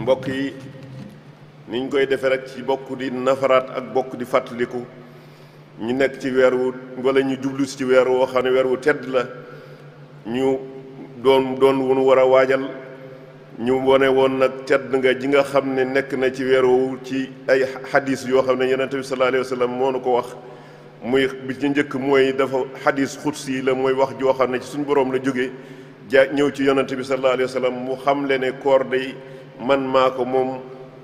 mbokk yi niñ koy defee rek ci bokk di nafaraat ak bokk di fàttaliku ñu nekk ci weer wu wala ñu jublu ci weer woo xam ne weer wu tedd la ñu doon doon wunu war a waajal ñu wone woon nag tedd nga ji nga xam ne nekk na ci weer ci ay xadis yoo xam ne yonente bi sallallahu alayhi wa sallam moo nu ko wax muy bi ci njëkk mooy dafa xadis yi la mooy wax joo xam ne ci suñu boroom la jóge jaa ñëw ci yonente bi sallallahu alayhi wa sallam mu xam le ne koor day man maa ko moom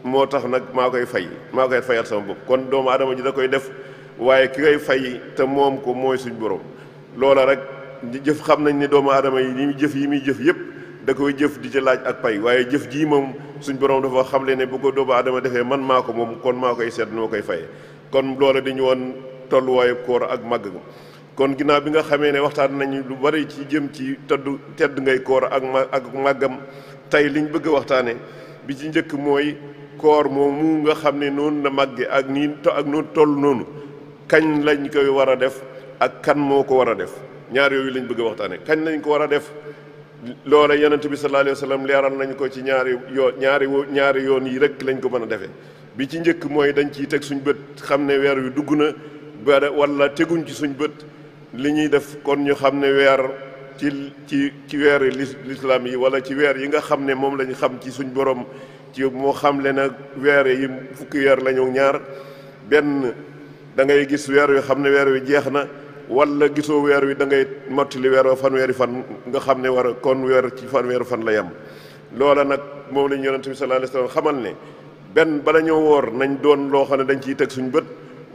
moo tax nag maa koy fay maa koy fayal sama bopp kon doomu aadama ji da koy def waaye ki koy fay te moom ko mooy suñ borom loola rek di jëf xam nañ ne doomu aadama yi li muy jëf yi muy jëf yëpp da koy jëf di ci laaj ak pay waaye jëf jii moom suñ borom dafa xamle ne bu ko doomu aadama defee man maa ko moom kon maa koy seet noo koy fayee kon loola di ñu woon tolluwaayu koor ak màgg ko kon ginnaaw bi nga xamee ne waxtaan nañu lu bari ci jëm ci tëdd tedd ngay koor ak ma ak màggam tey liñ bëgg a waxtaanee. bi ci njëkk mooy koor moomu nga xam ne noonu na màgge ak nii ak noonu toll noonu kañ lañ koy war a def ak kan moo ko war a def ñaar yooyu lañ bëgg a waxtaane kañ lañ ko war a def loola yonent bi sallallahu alayhi wa sallam leeral nañ ko ci ñaari yoo ñaari ñaari yoon yi rek lañ ko mën a defee bi ci njëkk mooy dañ ciy teg suñu bët xam ne weer wi dugg na ba wala teguñ ci suñu bët li ñuy def kon ñu xam ne weer ci ci ci weer lislaam yi wala ci weer yi nga xam ne moom lañu xam ci suñ borom ci moo xam le nag weer yi fukki weer lañu ñaar benn dangay gis weer wi xam ne weer wi jeex na wala gisoo weer wi da ngay mottali weer wa fanweeri fan nga xam ne war a kon ci fanweeri fan la yem loola nag moom la ñu yonent bi sallallahu xamal ne benn bala ñoo woor nañ doon loo xam ne dañ ciy teg suñ bët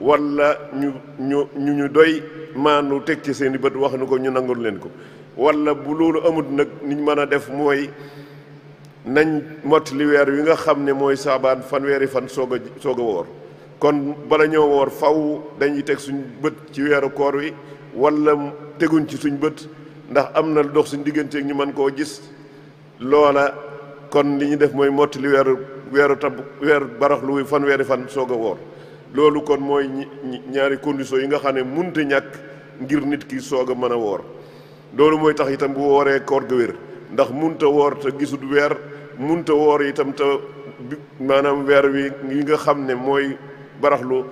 wala ñu ñu ñu ñu doy maanu teg ci seen i bët wax nu ko ñu nangul leen ko wala bu loolu amut nag niñ mën a def mooy nañ mott li weer wi nga xam ne mooy saaban fanweeri fan soog a soog a woor kon bala ñoo woor faw dañuy teg suñu bët ci weeru koor wi wala teguñ ci suñ bët ndax am na dox suñ digganteeg ñu mën koo gis loola kon li ñuy def mooy mott li weeru weeru tab weer baraxlu wi weeri fan soog a woor loolu kon mooy ñaari condition yi nga xam ne munte ñàkk ngir nit ki soog a mën a woor loolu mooy tax itam bu wooree koor ga wér ndax munta woor te gisut weer munta woor itam te maanaam weer wi yi nga xam ne mooy baraxlu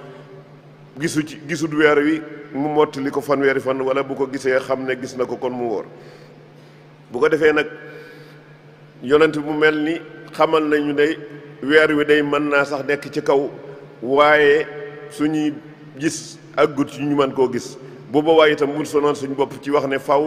gisu ci gisut weer wi mu mottali ko fanweeri fan wala bu ko gisee xam ne gis na ko kon mu woor bu ko defee nag yonent mu mel ni xamal nañu day weer wi day mën naa sax nekk ci kaw waaye su ñuy gis ak gut ñu mën koo gis bu boobaa itam bul sonal suñ bopp ci wax ne faw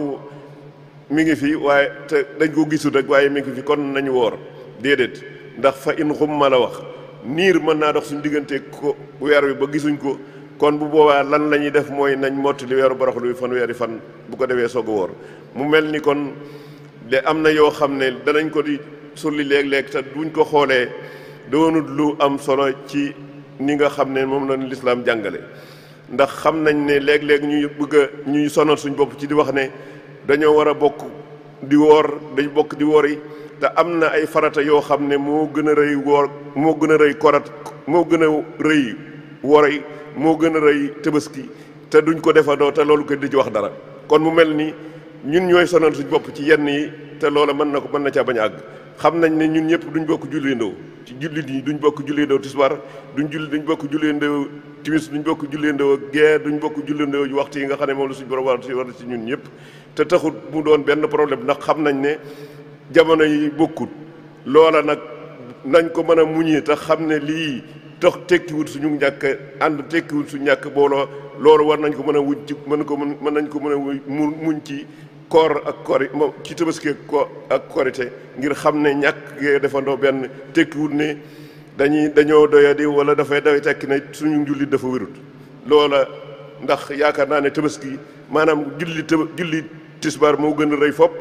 mi ngi fi waaye te dañ ko gisut rek waaye mi ngi fi kon nañu woor déedéet ndax fa in ma la wax niir mën naa dox suñ diggante ko weer wi ba gisuñ ko kon bu boobaa lan la ñuy def mooy nañ mottali weeru baraxlu bi fan weeri fan bu ko defee soog a woor mu mel ni kon de am na yoo xam ne danañ ko di sulli léeg-léeg te duñ ko xoolee doonut lu am solo ci ni nga xam ne moom lañu lislaam jàngale ndax xam nañ ne léeg-léeg ñuy bëgg a ñuy sonal suñ bopp ci di wax ne dañoo war a bokk di woor dañ bokk di woor yi te am na ay farata yoo xam ne moo gën a rëy woor moo gën a rëy korat moo gën a rëy woor yi moo gën a rëy tëbaski te duñ ko defadoo te loolu ko di ci wax dara kon mu mel nii ñun ñooy sonal suñ bopp ci yenn yi te loola mën na ko mën na caa bañ a àgg xam nañ ne ñun ñëpp duñ bokk julleendoo ci jullit yi duñ bokk julleendoo tisbaar duñ julli duñ bokk julleendoo timis duñ bokk julleendoo gee duñ bokk julleendoo waxtu yi nga xam ne moom la suñu borom war si si ñun ñëpp te taxut mu doon benn problème ndax xam nañ ne jamono yi bokkut loola nag nañ ko mën a muñee te xam ne lii tax tekkiwut ñu ñàkk ànd tekkiwut su ñàkk booloo loolu war nañ ko mën a wuñ ci mën ko mën nañ ko mën a muñ ci koor ak kori moom ci tabaski ak korite ngir xam ne ñàkk defandoo benn tekkiwul ne dañuy dañoo doyadi wala dafay day tekki ne suñu njullit dafa wérut loola ndax yaakaar naa ne tabaski maanaam julli tëb julli tisbaar moo gën a rëy fopp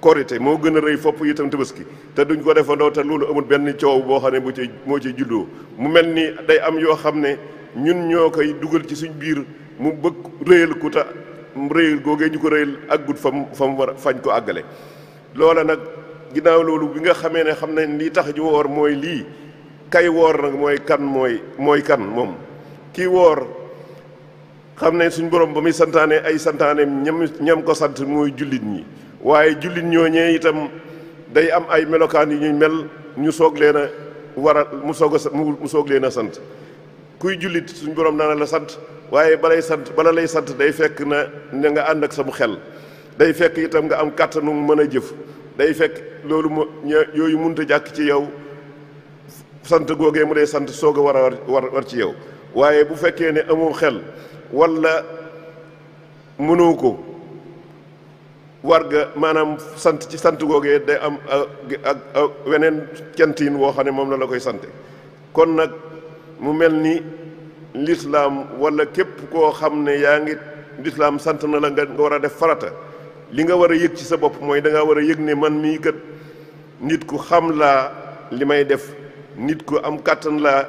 korite moo gën a rëy fopp itam tabaski te duñ ko defandoo te loolu amul benn coow boo xam ne moo ci moo cay juddoo mu mel ni day am yoo xam ne ñun ñoo koy dugal ci suñ biir mu bëgg réyal ku ta réyul googee ñu ko réyul àggut fam fam war fañ ko àggale loola nag ginnaaw loolu bi nga xamee ne xam nañ lii tax ju woor mooy lii kay woor nag mooy kan mooy mooy kan moom kii woor xam ne suñ borom ba muy santaane ay santaaneem ñam ñam ko sant mooy jullit ñi waaye jullit ñooñee itam day am ay melokaan yu ñuy mel ñu soog leen a war mu soog a mu soog leen a sant kuy jullit suñ borom naa la sant waaye balay sant bala lay sant day fekk na na nga ànd ak samu xel day fekk itam nga am kàttanu mën a jëf day fekk loolu mu yooyu mënut a jàkk ci yow sant googee mu day sant soog a war a war war ci yow waaye bu fekkee ne amoo xel walla mënoo ko war nga maanaam sant ci sant googee day am ak weneen kentiin woo xam ne moom la la koy sante kon nag mu mel ni lislaam walla képp koo xam ne yaa ngi lislaam sant na la nga war a def farata li nga war a yëg ci sa bopp mooy da war a yëg ne man mii kat nit ku xam laa li may def nit ku am kàttan laa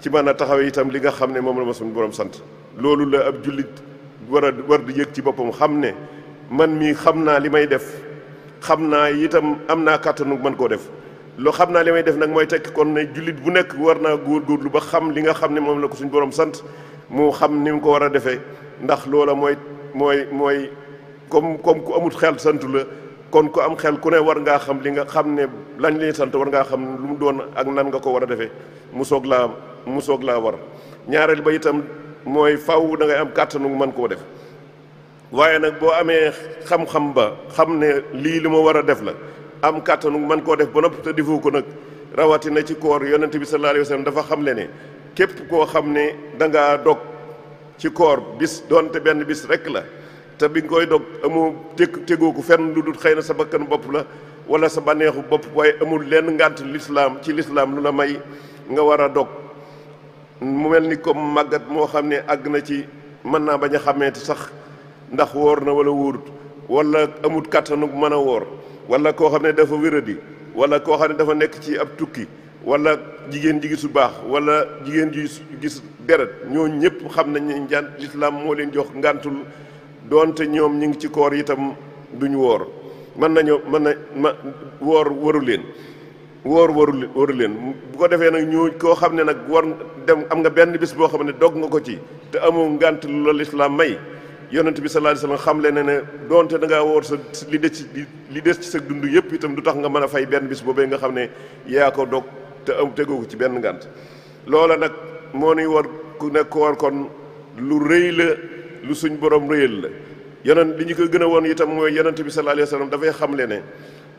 ci mën a taxaw yitam li nga xam ne moom la ma suñu borom sant loolu ab jullit war a war ci boppam xam ne man mii xam naa li may def xam naa itam am naa kàttanu mën koo def loo xam naa li may def nag mooy tekk kon ne jullit bu nekk war naa góorlu ba xam li nga xam ne moom la ko suñu borom sant mu xam ni mu ko war a defee ndax loola mooy mooy mooy comme comme ku amut xel sant la kon ku am xel ku ne war ngaa xam li nga xam ne lañ lay sant war ngaa xam lu mu doon ak nan nga ko war a defee mu soog laa mu soog laa war ñaareel ba itam mooy faw da ngay am kàttanu mën koo def waaye nag boo amee xam-xam ba xam ne lii li ma war a def la am kàttanu man koo def ba nopp te defoo ko nag rawatina ci koor yonent bi sallallahu alayhi dafa xam le ne képp koo xam ne da ngaa dog ci koor bis doonte benn bis rek la te bi nga koy dog amoo teg tegoo ko lu dul xëy na sa bakkan bopp la wala sa bànneexu bopp waaye amul lenn ngànt lislaam ci lislaam lu la may nga war a dog mu mel ni comme màggat moo xam ne àgg na ci mën naa bañ a xàmmeeti sax ndax wóor na wala wóorut wala amut kàttanu mën a woor wala koo xam ne dafa wéradi wala koo xam ne dafa nekk ci ab tukki wala jigéen ji gisu baax wala jigéen ji gis deret ñooñu ñëpp xam nañ ne njàn lislaam moo leen jox ngantul doonte ñoom ñu ngi ci koor itam duñu woor mën nañoo mën na ma woor waru leen woor waru waru leen bu ko defee nag ñoo koo xam ne nag war dem am nga benn bis boo xam ne dog nga ko ci te amoo ngànt loolu lislaam may yonent bi sallallahu alayhi wasallam xam le ne ne donte da ngaa woor sa li des ci li des ci sa dund yëpp itam du tax nga mën a fay benn bis boobee nga xam ne yaa ko dog te am tegoo ko ci benn ngant loola nag moo nuy war ku nekk war kon lu rëy la lu suñ borom rëyal la yonent li ñu ko gën a woon itam mooy yonent bi sallallahu alayhi wasallam dafay xam le ne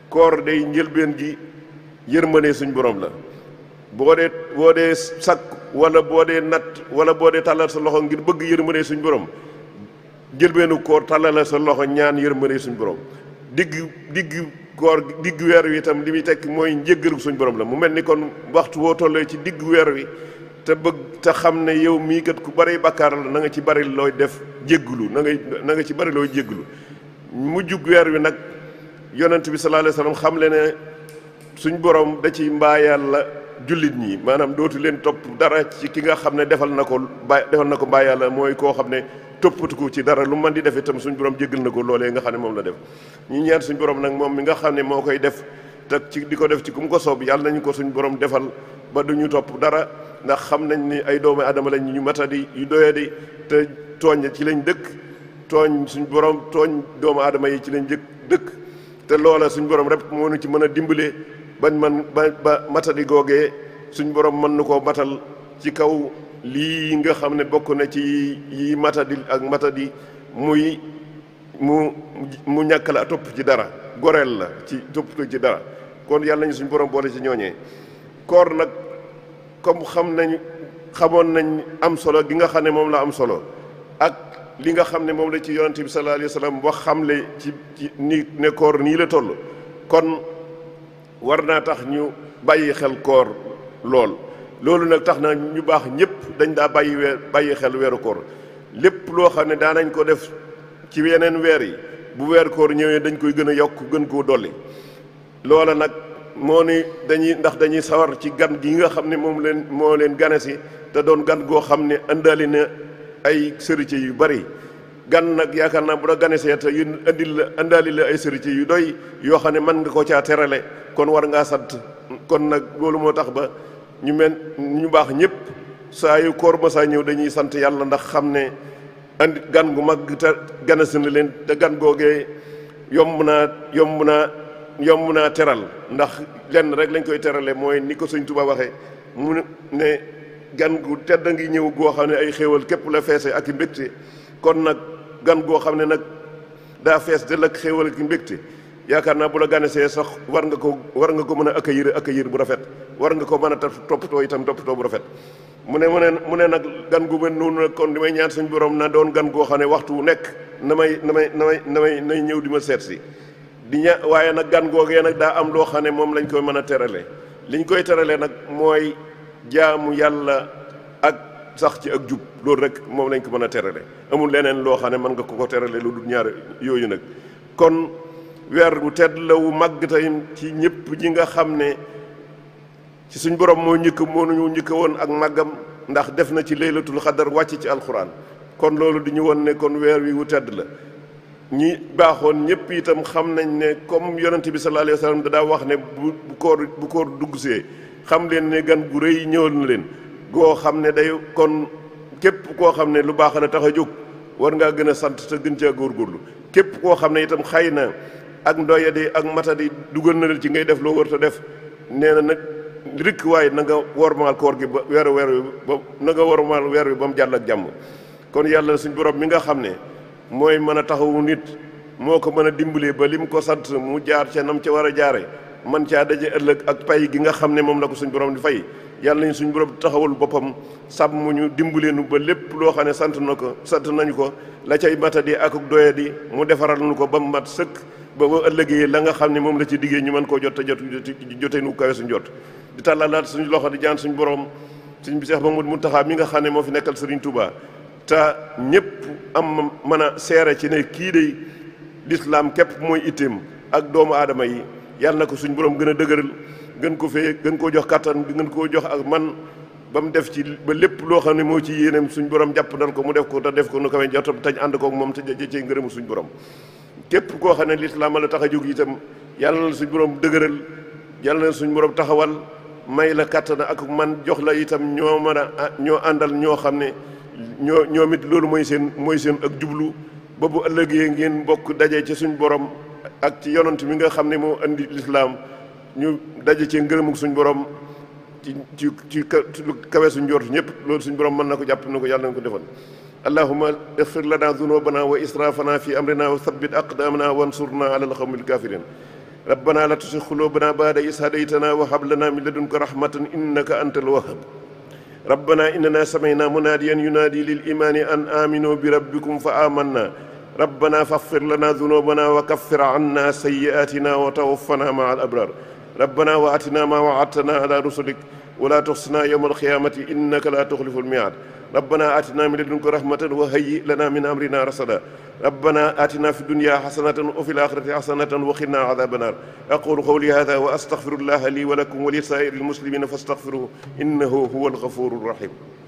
koor day njëlbeen gi yërmande suñ borom la boo dee boo dee sakk wala boo dee natt wala boo dee tàllal sa loxo ngir bëgg yërmande suñ borom njëlbeenu koor tàllale sa loxo ñaan yërmande suñu borom digg digg koor digg weer wi itam li muy tekk mooy njëggalu suñ borom la mu mel ni kon waxtu woo tollee ci digg weer wi te bëgg te xam ne yow mii kat ku bari bakkaar la na nga ci bari looy def jégglu na nga na nga ci bari looy jégglu mujjug weer wi nag yonent bi sallallahu alayhi xam le ne suñ borom da ci mbaa yàlla jullit ñi maanaam dootu leen topp dara ci ki nga xam ne defal na ko ba defal na ko mbaa yàlla mooy koo xam ne toppatu ko ci dara lu man di def itam suñ borom jéggal na ko loolee nga xam ne moom la def ñu ñaan suñ borom nag moom mi nga xam ne moo koy def te ci di ko def ci ku mu ko soob yàlla nañu ko suñ borom defal ba du ñu topp dara ndax xam nañ ni ay doomu adama lañ ñu matadi yu doyadi te tooñ ci lañ dëkk tooñ suñ borom tooñ doomu aadama yi ci lañ jëkk dëkk te loola suñ borom rek moo nu ci mën a dimbalee bañ man ba ba di googee suñ borom mën nu koo matal ci kaw lii nga xam ne bokk na ci yi matadi ak matadi muy mu mu ñàkk la topp ci dara goreel la ci toppatoo ci dara kon yàlla nañu suñu borom boole ci ñooñee koor nag comme xam nañ xamoon nañ am solo gi nga xam ne moom la am solo ak li nga xam ne moom la ci yonent bi sallallahu alayhi wa sallam wax xamle ci ci ni ne koor nii la toll kon war naa tax ñu bàyyi xel koor lool loolu nag tax na ñu baax ñëpp dañ daa bàyyi weer bàyyi xel weeru koor lépp loo xam ne daa nañ ko def ci yeneen weer yi bu weer koor ñëwee dañ koy gën a yokk gën koo dolli loola nag moo ni dañuy ndax dañuy sawar ci gan gi nga xam ne moom leen moo leen gane si te doon gan goo xam ne indaale na ay sërite yu bari gan nag yaakaar naa bu la gane see te yu indil la indaali la ay sërite yu doy yoo xam ne mën nga ko caa terale kon war ngaa sant kon nag loolu moo tax ba ñu mel ñu baax ñëpp saa yu koor ma saa ñëw dañuy sant yàlla ndax xam ne andi gan gu mag te ganasi na leen te gan googee yomb naa yomb naa yomb naa teral ndax lenn rek lañ koy terale mooy ni ko Sëñ Tuubaa waxee mu ne gan gu ngi ñëw goo xam ne ay xéewal képp la feese ak i mbégte kon nag gan goo xam ne nag daa fees del ak xéewal ak i mbégte yaakaar naa bu la ganesee sax war nga ko war nga ko mën a accueillir accueillir bu rafet war nga ko mën a toppatoo itam toppatoo bu rafet mu ne mu ne mu ne nag gan gu mel noonu nag kon li may ñaan suñu borom na doon gan goo xam ne waxtu wu nekk na may na may nay ñëw di ma seet si di waaye nag gan googee nag daa am loo xam ne moom lañ koy mën a terale liñ koy terale nag mooy jaamu yàlla ak sax ci ak jub loolu rek moom lañ ko mën a terale amul leneen loo xam ne mën nga ko ko terale lu dul ñaar yooyu nag kon weer wu tedd la wu màgg tey ci ñëpp ñi nga xam ne ci suñ borom moo njëkk moo nu ñu njëkk woon ak màggam ndax def na ci laylatul xadar wàcc ci alxuraan kon loolu di ñu woon ne kon weer wi wu tedd la ñi baaxoon ñëpp itam xam nañ ne comme yonent bi sallallahu alayhi dadaa wax ne bu bu koor bu koor duggsee xam leen ne gan gu rëy ñëwal na leen goo xam ne day kon képp koo xam ne lu baax na tax a jóg war ngaa gën a sant te gën góor góorgóorlu képp koo xam ne itam xay na ak ndoyadi ak matadi dugal na la ci ngay def loo war def nee na nag rikk waaye na nga wormaal koor gi ba weer weer wi ba na nga wormaal weer wi ba mu jàll ak jàmm kon yàlla suñ borom mi nga xam ne mooy mën a taxawu nit moo ko mën a dimbalee ba li mu ko sant mu jaar ca nam ca war a jaare man caa daje ëllëg ak pay gi nga xam ne moom la ko suñ borom di fay yàlla nañu suñu borom taxawul boppam mu ñu dimbaleenu ba lépp loo xam ne sant na ko sant nañu ko la cay matadi ak doya di mu defaral nu ko ba mu mat sëkk ba ba ëllëgee la nga xam ne moom la ci diggee ñu mën koo jot te jot jotee nu kawe suñu jot di tàllalaat suñu loxo di jaan suñu borom suñ bi mu mu taxaa mi nga xam ne moo fi nekkal Sëriñ Tuubaa te ñëpp am mën a seere ci ne kii day lislaam képp mooy itteem ak doomu aadama yi yàlla na ko suñu borom gën a dëgëral gën ko fee gën koo jox kàttan gën koo jox ak man ba mu def ci ba lépp loo xam ne moo ci yéeneem suñ borom jàpp nan ko mu def ko te def ko nu kawe jotam tañ ànd koog moom te ci ngërëmu suñ borom képp koo xam ne lislaam la tax a jóg itam yàlla na suñ borom dëgëral yàlla na suñ borom taxawal may la kàttan ak man jox la itam ñoo mën a ñoo àndal ñoo xam ne ñoo ñoom it loolu mooy seen mooy seen ak jublu ba bu ëllëgee ngeen bokk daje ci suñ borom ak ci yonant mi nga xam ne moo indi lislaam ñu daje ci ngërëmug suñ borom ci ci ci kawe suñ njort ñëpp loolu suñ borom mën na ko jàpp na ko yàlla na ko defal allahuma ixfir lana dunubana wa israfana fi amrina wa thabbit aqdamana wansurna ala alqawmi alkafirin rabbana la tusi xulubana baada is hadaytana wa hab lana min ladunka rahmatan innaka anta alwahab rabbana innana samayna munaadiyan yunaadi lil imaani an aminu bi fa amanna rabbana faghfir lana dunubana wa kaffir anna sayyi'atina wa tawaffana ma al rabbana wa atina maa waadtana ala rusulik wala tuxsina yowma alqiyamati innaka la tuxlifu almiaad rabbana atina min ladunka rahmatan wa hayyi lana min amrina rasada rabbana atina fi dunya xasanatan wa fi laxirati xasanatan wa qina adaba naar aqulu qawli hada wa astaxfirullaha li wa lakum wa li saa'iri almuslimina fastaxfiruhu innahu huwa algafuuru rahim